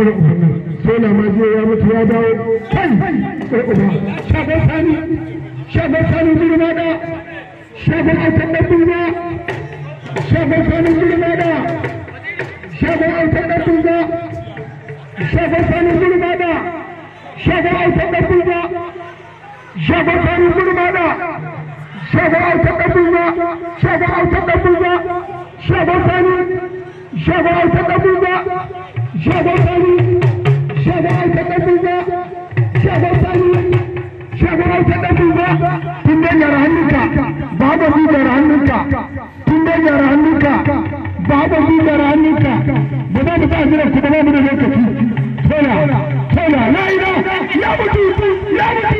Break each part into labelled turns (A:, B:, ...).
A: sai uba nan sai lamaji ya mutu ya dawo kai sai uba shagon sani shagon sani girma da
B: shagon aikin da duba
A: shagon sani girma da shagon aikin da duba shagon sani girma da shagon aikin da duba shagon sani girma da shagon aikin da duba shagon aikin da duba shagon sani shagon aikin da duba shagon sani shagon aita ɗan tun gyara ba gyara ba gyara ba sa jiran ba mu da na ya mutu ya mutu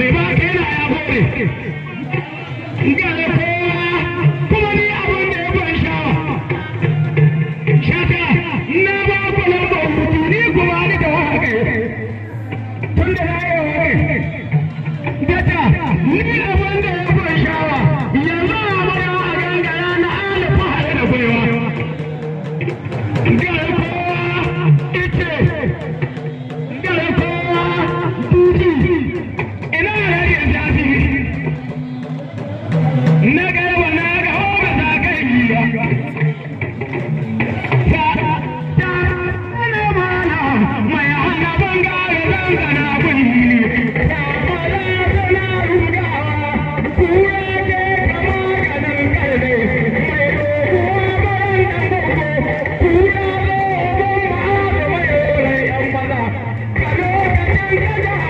A: mai ba kai na ya gobe. Hallelujah!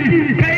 A: Hey!